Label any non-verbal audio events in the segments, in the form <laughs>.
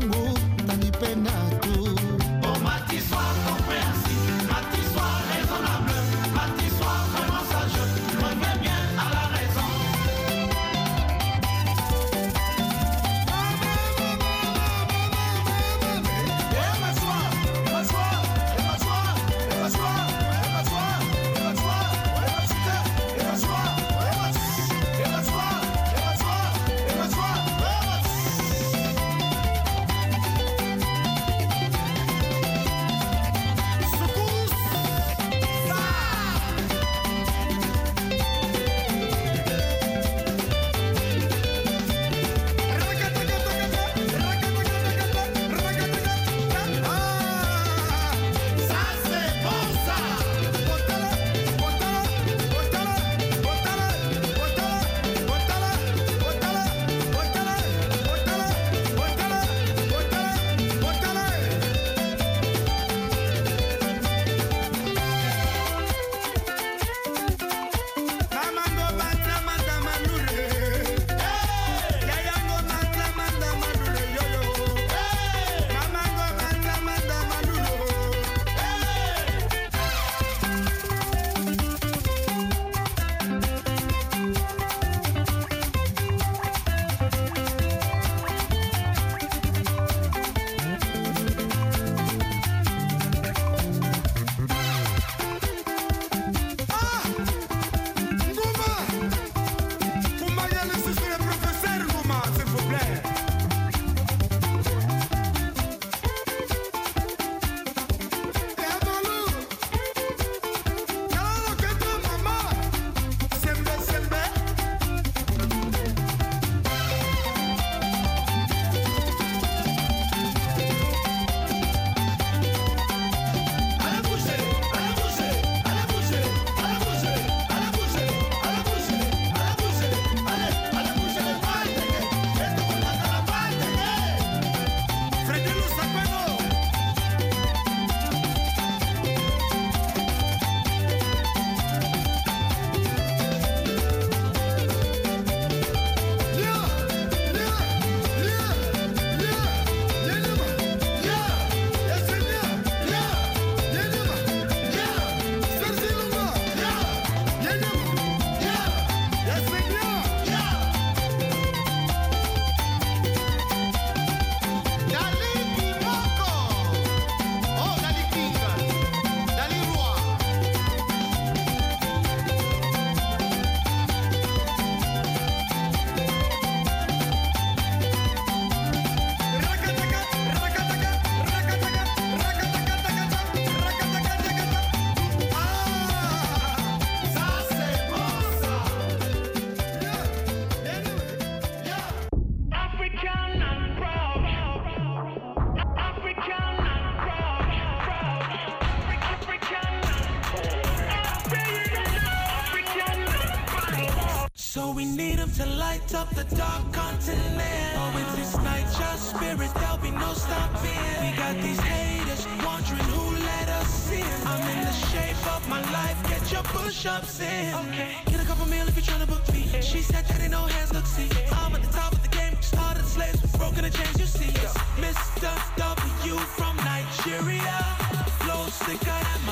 Mungu ananipenda tu.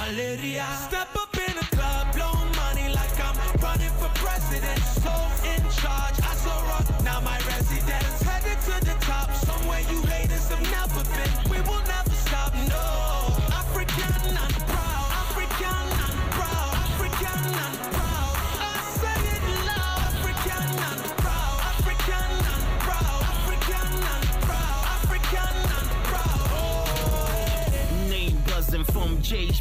malaria. Step up in the club, blow money like I'm running for president. So in charge, I so rock, now my residence. Headed to the top, somewhere you haters have never been. We will never stop, no. African, I'm proud. African, I'm proud. African, I'm proud. I say it loud. African, I'm proud. African, I'm proud. African, I'm proud. African, I'm proud. Oh. Name buzzing from J's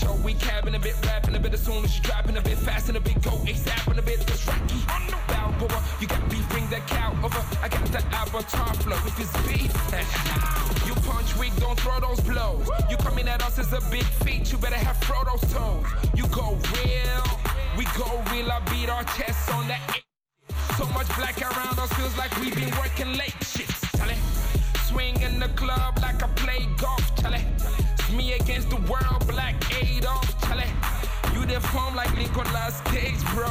show. We cabbing a bit, rapping a bit as soon as you dropping a bit fast and a bit go ASAP and a bit It's rocky. bow Balboa, you got beef, bring that cow over. I got that avatar flow with this beat. <laughs> you punch weak, don't throw those blows. You coming at us as a big feat, you better have Frodo's toes. You go real, we go real. I beat our chests on that. So much black around us feels like we've been working late. Shit, Charlie. Swing in the club like I play golf, Charlie. It's me against the world their form like Lincoln last case, bro.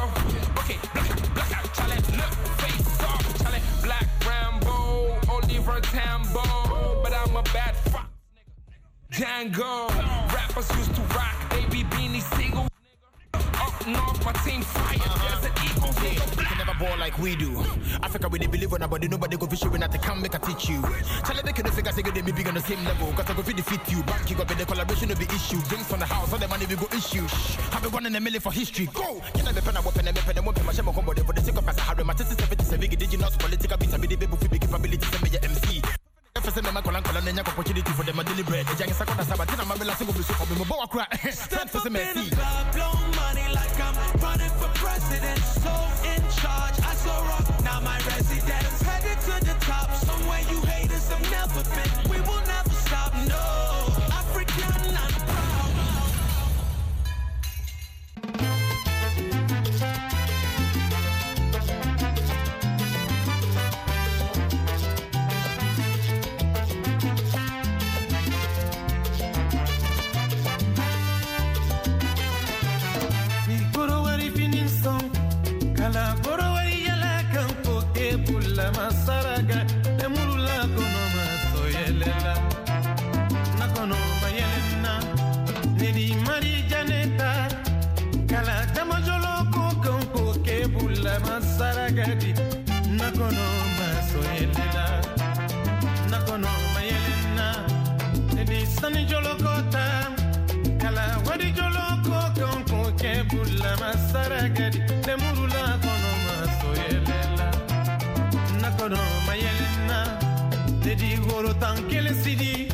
Okay, black, black out, challenge, look, face off, challenge, black Rambo, Oliver Tambo, but I'm a bad fox, Django. Rappers used to rock, baby beanie single. Up north, my team fire. Uh-huh ball like we do. Africa, we they believe on nobody, nobody go fish when I can make a teach you. Charlie, they can't figure they be big on the same level. Cause I go defeat you. Back you got the collaboration will be issue. Drinks on the house, all the money we go issue. Shh, have a one in a million for history. Go! Can I be pen a weapon and weapon and weapon? My shame on for the sake of Sahara. My test is 77 big, did you not political beats? I be the baby with big capabilities I'm your MC i me ma opportunity for them a deliberate. Eja ngisa mabela bawa <laughs> Step up in the club, blow money like I'm running for president. So in charge, I so rock, now my residence. Headed to the top, somewhere you haters have never been. City.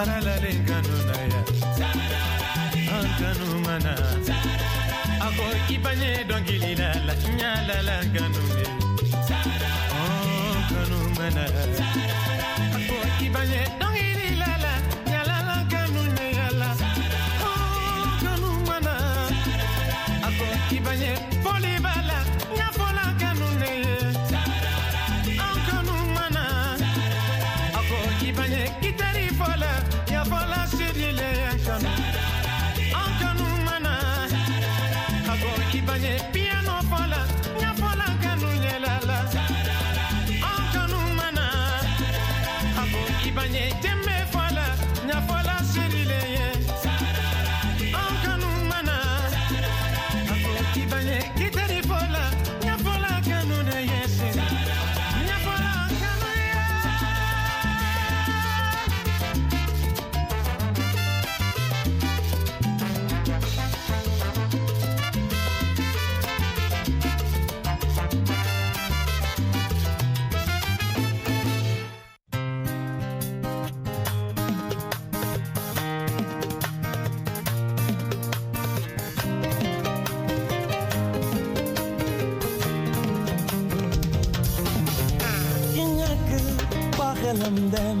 farala lengano na ya antanumana akoki banye dongili la la nyala la ganune kanumana akoki banye dongili yanımdan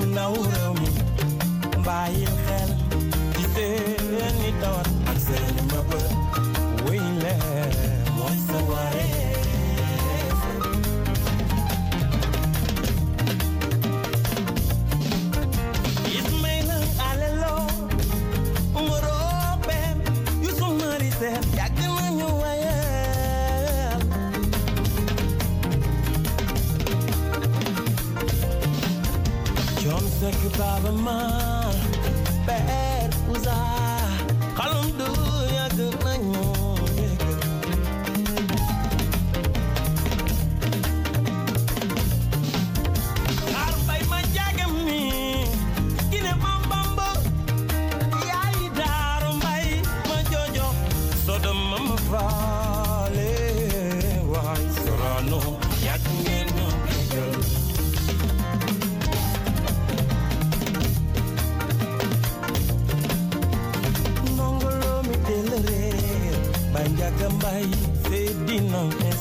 sum na wuraw mi bàyyil xel ci seeni tawat ak seeni que que dava mal pé usar.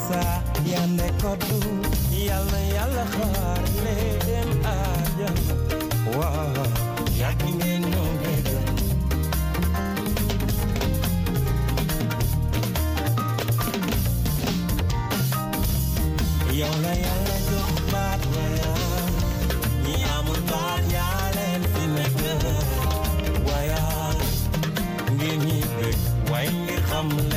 sa ya ne kodu yalla yalla xaar leen ajam wa yàgg ngeen ñoo ngeen ya la ya la yàlla jox baat wayaan ya amul baat yaa leen fi nekk wayaan ngeen ñi bëgg way ngir xam leen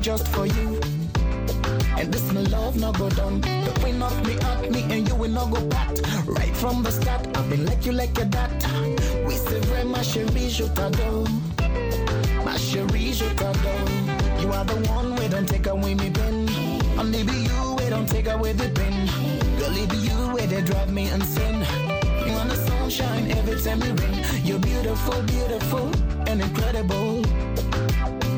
just for you. And this my love no go down. The queen knock me up, me and you will not go back. Right from the start, I've been like you like a dat. We say vrai, ma chérie, je t'adore. Ma chérie, je t'adore. You are the one we don't take away me pen. Only you we don't take away the pen. Girl, it be you where they drive me insane. You want the sunshine every time you rain. You're beautiful, beautiful, and incredible.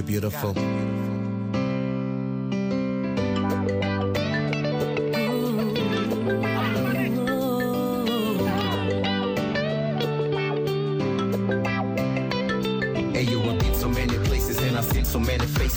you're beautiful.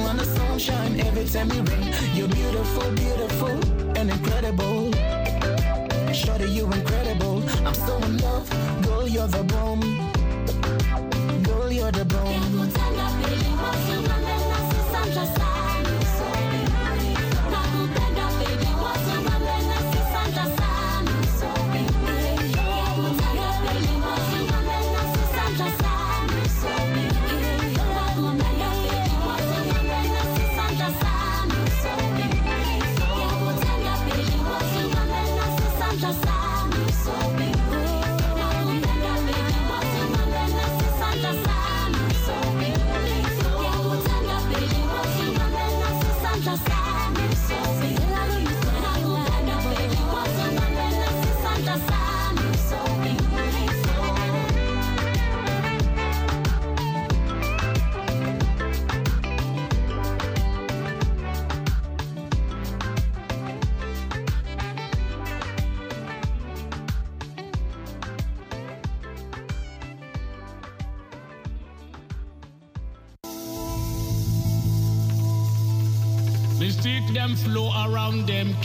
Shining on the sunshine every time you rain. You're beautiful, beautiful, and incredible. Shorty, you're incredible. I'm so in love. Girl, you're the bomb. Girl, you're the bomb.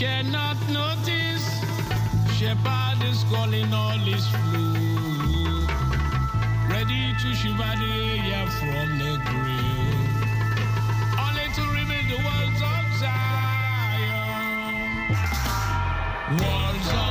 cannot notice. Shepherd is calling all his flock. Ready to shiver the air from the grave. Only to remain the walls of Zion. Walls of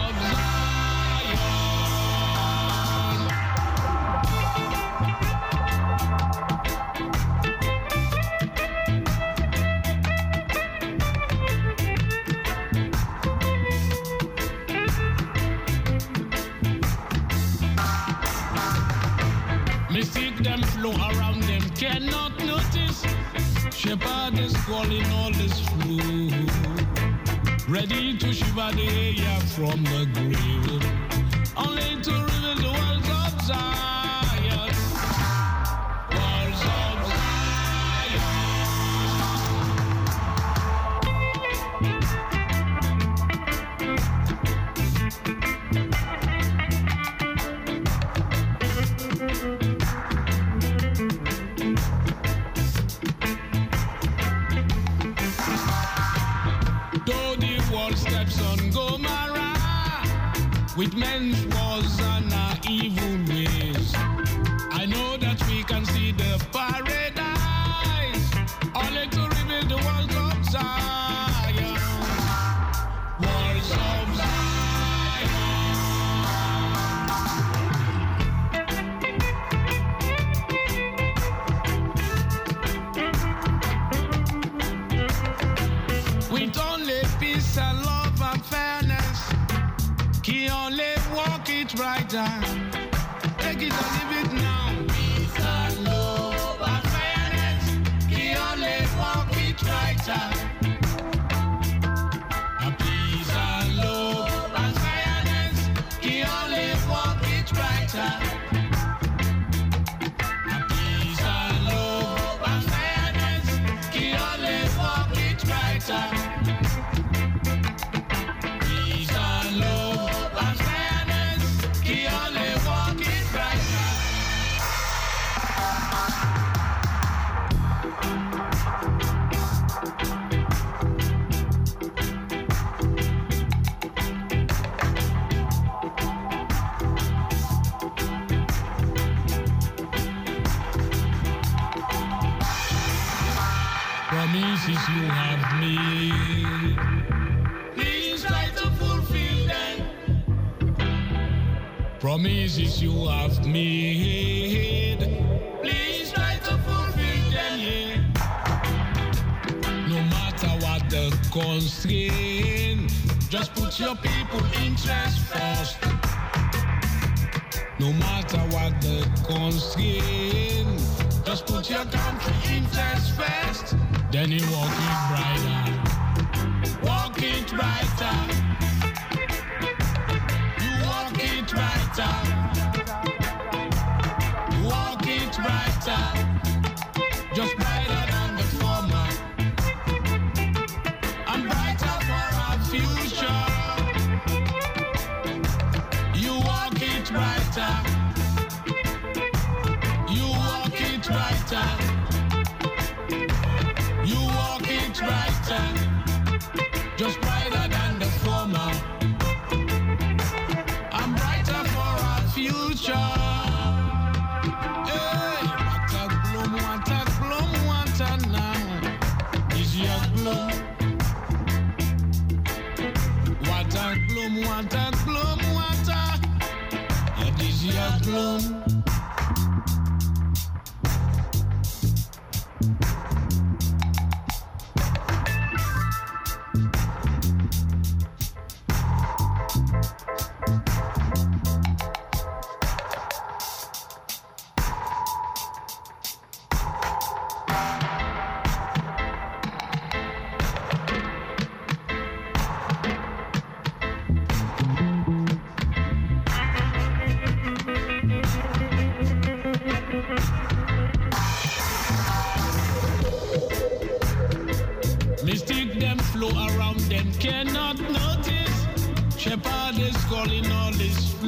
all in all is true. Ready to shiver the air from the grave. with means. brighter. Take it on Promises you have made. Please try to fulfill them, No matter what the constraint, just put your people interest first. No matter what the constraint, just put your country interest first. Then you walk it brighter, walk it brighter. time. alone